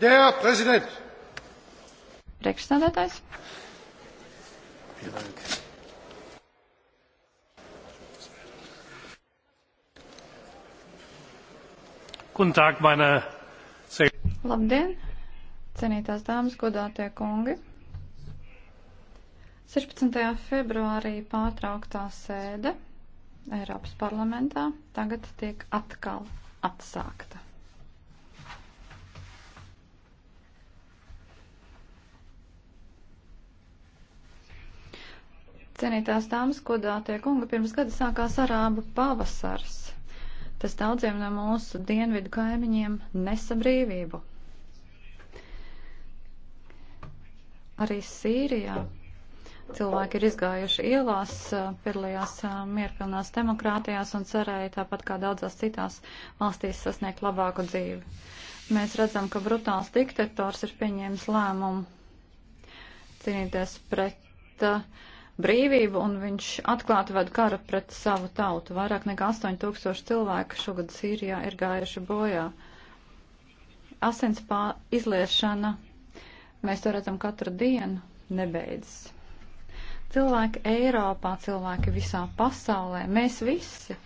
Der Präsident! Priekšstādātājs. Guten Tag, meine sehr Labdien, cienītās dāmas, godātie kungi! 16. februārī pārtrauktā sēde Eiropas parlamentā tagad tiek atkal atsākta. Cienītās dāmas, godātie kungi, pirms gada sākās arābu pavasars. Tas daudziem no mūsu dienvidu kaimiņiem nesa brīvību. Arī Sīrijā cilvēki ir izgājuši ielās, piedalījās mierpilnās demokrātijās un cerēja tāpat kā daudzās citās valstīs sasniegt labāku dzīvi. Mēs redzam, ka brutāls diktators ir pieņēmis lēmumu cīnīties pret uh, brīvību, un viņš atklāti ved kara pret savu tautu. Vairāk nekā 8000 cilvēku šogad Sīrijā ir gājuši bojā. Asins pā izliešana, mēs to redzam katru dienu, nebeidzas. Cilvēki Eiropā, cilvēki visā pasaulē, mēs visi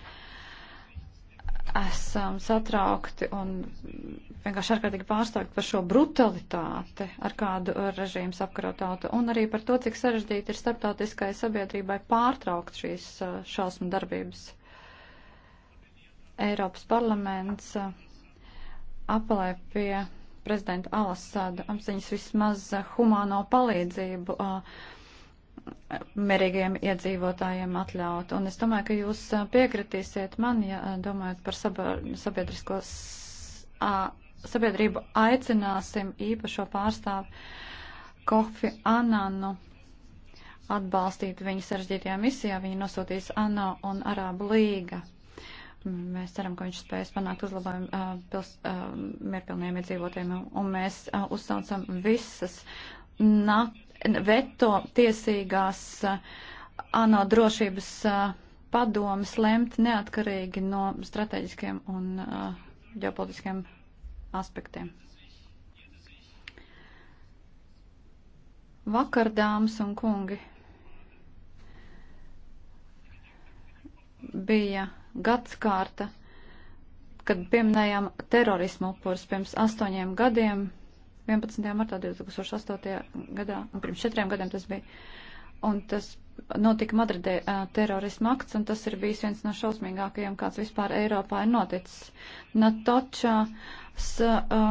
esam satraukti un vienkārši ārkārtīgi pārstāvti par šo brutalitāti, ar kādu režīmu apkarot tautu, un arī par to, cik sarežģīti ir starptautiskai sabiedrībai pārtraukt šīs šausmu darbības. Eiropas parlaments uh, apelē pie prezidenta Alasāda apziņas vismaz uh, humāno palīdzību. Uh, mierīgiem iedzīvotājiem atļaut. Un es domāju, ka jūs piekritīsiet man, ja domājat par sabiedrisko sabiedrību aicināsim īpašo pārstāvu Kofi Ananu atbalstīt viņu sarežģītajā misijā. Viņa nosūtīs ANO un Arābu līga. Mēs ceram, ka viņš spēs panākt uzlabojumu uh, pils, uh, mierpilniem iedzīvotājiem, un mēs uh, uzsaucam visas NATO veto tiesīgās eh, ANO drošības eh, padomas lemt neatkarīgi no strateģiskiem un eh, ģeopolitiskiem aspektiem. Vakar, dāmas un kungi, bija gadskārta, kad pieminējām terorismu upurus pirms astoņiem gadiem 11. martā 2008. gadā, un pirms četriem gadiem tas bija. Un tas notika Madridē uh, terorisma akts, un tas ir bijis viens no šausmīgākajiem, kāds vispār Eiropā ir noticis. Natočas uh,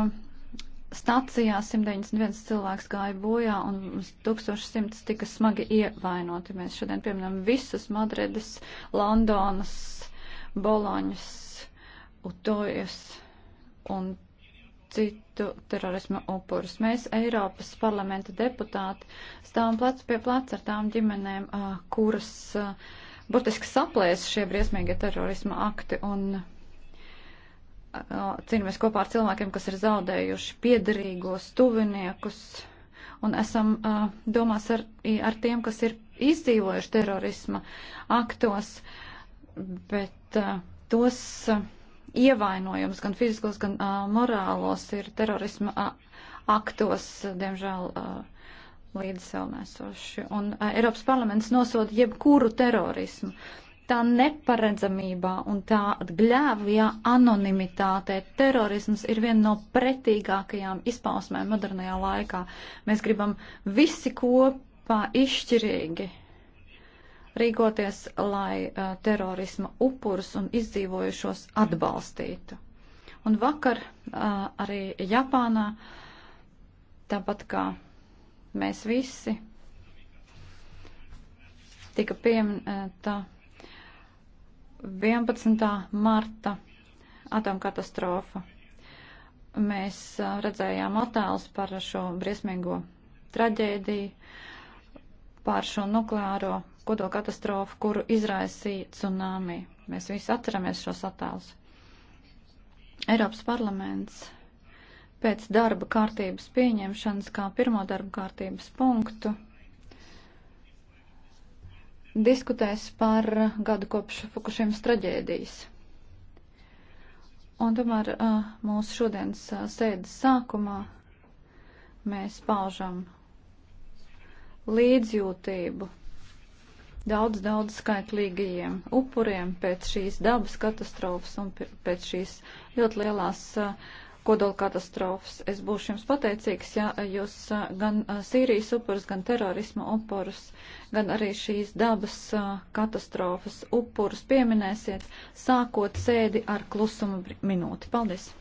stacijā 191 cilvēks gāja bojā, un 1100 tika smagi ievainoti. Mēs šodien pieminam visus Madrides, Londonas, Boloņas, Utojas un citu terorisma upurus. Mēs, Eiropas parlamenta deputāti, stāvam plec pie plec ar tām ģimenēm, kuras burtiski saplēs šie briesmīgie terorisma akti un cīnāmies kopā ar cilvēkiem, kas ir zaudējuši piedarīgos, tuviniekus un esam domās ar, ar tiem, kas ir izdzīvojuši terorisma aktos, bet tos. Uh, ievainojums, gan fiziskos, gan uh, morālos, ir terorisma uh, aktos, diemžēl, uh, līdz sev nesoši. Un uh, Eiropas parlaments nosoda jebkuru terorismu. Tā neparedzamībā un tā gļēvjā anonimitātē terorisms ir viena no pretīgākajām izpausmēm modernajā laikā. Mēs gribam visi kopā izšķirīgi rīkoties, lai uh, terorisma upurus un izdzīvojušos atbalstītu. Un vakar uh, arī Japānā, tāpat kā mēs visi, tika pieminēta 11. marta atomkatastrofa. Mēs uh, redzējām attēlus par šo briesmīgo traģēdiju, par šo nukleāro kodola katastrofu, kuru izraisīja tsunami. Mēs visi atceramies šos attēlus. Eiropas parlaments pēc darba kārtības pieņemšanas kā pirmo darba kārtības punktu diskutēs par gadu kopš Fukušiemas traģēdijas. Un tomēr mūsu šodienas sēdes sākumā mēs paužam līdzjūtību daudz, daudz skaitlīgajiem upuriem pēc šīs dabas katastrofas un pēc šīs ļoti lielās uh, kodola katastrofas. Es būšu jums pateicīgs, ja jūs uh, gan uh, Sīrijas upurus, gan terorisma upurus, gan arī šīs dabas katastrofas upurus pieminēsiet, sākot sēdi ar klusuma minūti. Paldies!